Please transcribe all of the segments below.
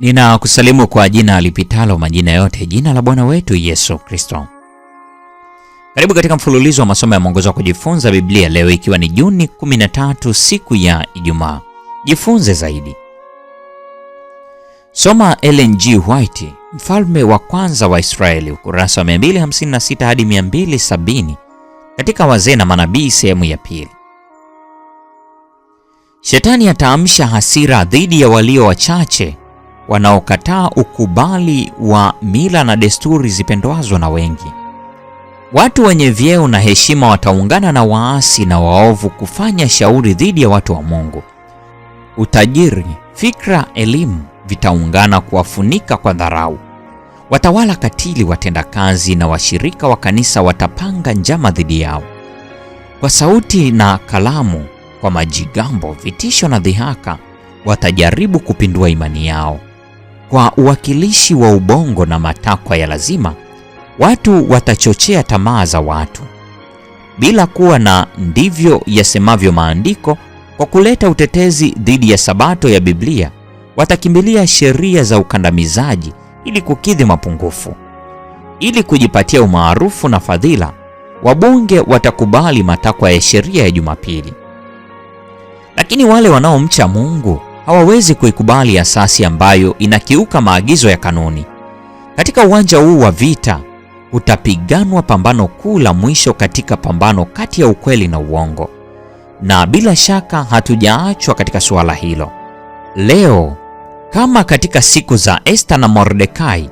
Ninakusalimu kwa jina lipitalo majina yote, jina la Bwana wetu Yesu Kristo. Karibu katika mfululizo wa masomo ya mwongozo wa kujifunza Biblia, leo ikiwa ni Juni 13 siku ya Ijumaa. Jifunze zaidi, soma Ellen G. White, mfalme wa kwanza wa Israeli, ukurasa wa 256 hadi 270 katika wazee na manabii, sehemu ya pili. Shetani ataamsha hasira dhidi ya walio wachache wanaokataa ukubali wa mila na desturi zipendwazo na wengi. Watu wenye vyeo na heshima wataungana na waasi na waovu kufanya shauri dhidi ya watu wa Mungu. Utajiri, fikra, elimu vitaungana kuwafunika kwa dharau. Watawala katili, watendakazi na washirika wa kanisa watapanga njama dhidi yao. Kwa sauti na kalamu, kwa majigambo, vitisho na dhihaka, watajaribu kupindua imani yao. Kwa uwakilishi wa ubongo na matakwa ya lazima, watu watachochea tamaa za watu bila kuwa na ndivyo yasemavyo maandiko. Kwa kuleta utetezi dhidi ya sabato ya Biblia, watakimbilia sheria za ukandamizaji ili kukidhi mapungufu. Ili kujipatia umaarufu na fadhila, wabunge watakubali matakwa ya sheria ya Jumapili. Lakini wale wanaomcha Mungu hawawezi kuikubali asasi ambayo inakiuka maagizo ya kanuni. Katika uwanja huu wa vita utapiganwa pambano kuu la mwisho katika pambano kati ya ukweli na uongo, na bila shaka hatujaachwa katika suala hilo. Leo kama katika siku za Esta na Mordekai,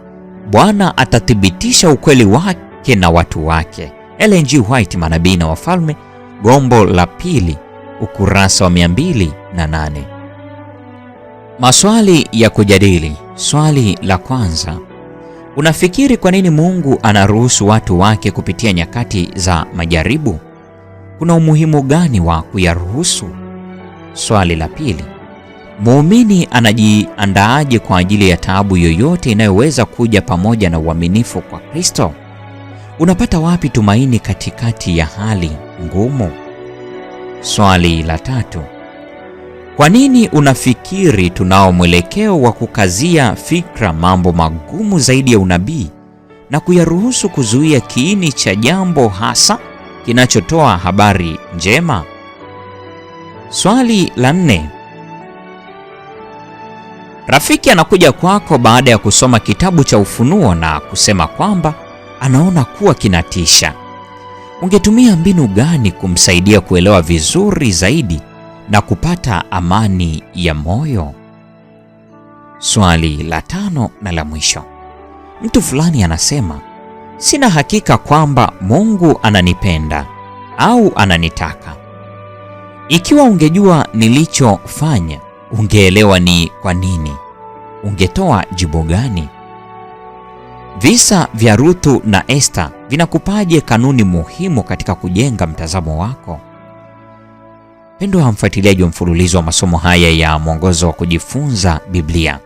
Bwana atathibitisha ukweli wake na watu wake. Ellen G. White, Manabii na Wafalme, gombo la pili, ukurasa wa 208. Maswali ya kujadili. Swali la kwanza, unafikiri kwa nini Mungu anaruhusu watu wake kupitia nyakati za majaribu? Kuna umuhimu gani wa kuyaruhusu? Swali la pili, muumini anajiandaaje kwa ajili ya taabu yoyote inayoweza kuja pamoja na uaminifu kwa Kristo? Unapata wapi tumaini katikati ya hali ngumu? Swali la tatu kwa nini unafikiri tunao mwelekeo wa kukazia fikra mambo magumu zaidi ya unabii na kuyaruhusu kuzuia kiini cha jambo hasa kinachotoa habari njema? Swali la nne. Rafiki anakuja kwako baada ya kusoma kitabu cha Ufunuo na kusema kwamba anaona kuwa kinatisha. Ungetumia mbinu gani kumsaidia kuelewa vizuri zaidi na kupata amani ya moyo? Swali la tano na la mwisho. Mtu fulani anasema, sina hakika kwamba Mungu ananipenda au ananitaka. Ikiwa ungejua nilichofanya, ungeelewa ni kwa nini. Ungetoa jibu gani? Visa vya Ruthu na Esta vinakupaje kanuni muhimu katika kujenga mtazamo wako? Mpendwa wa mfuatiliaji wa mfululizo wa masomo haya ya mwongozo wa kujifunza Biblia,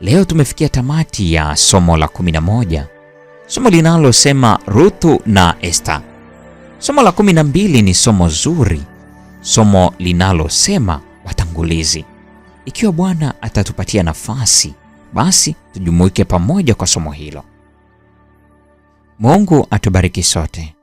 leo tumefikia tamati ya somo la 11, somo linalosema Ruthu na Esta. Somo la 12 ni somo zuri, somo linalosema watangulizi. Ikiwa Bwana atatupatia nafasi, basi tujumuike pamoja kwa somo hilo. Mungu atubariki sote.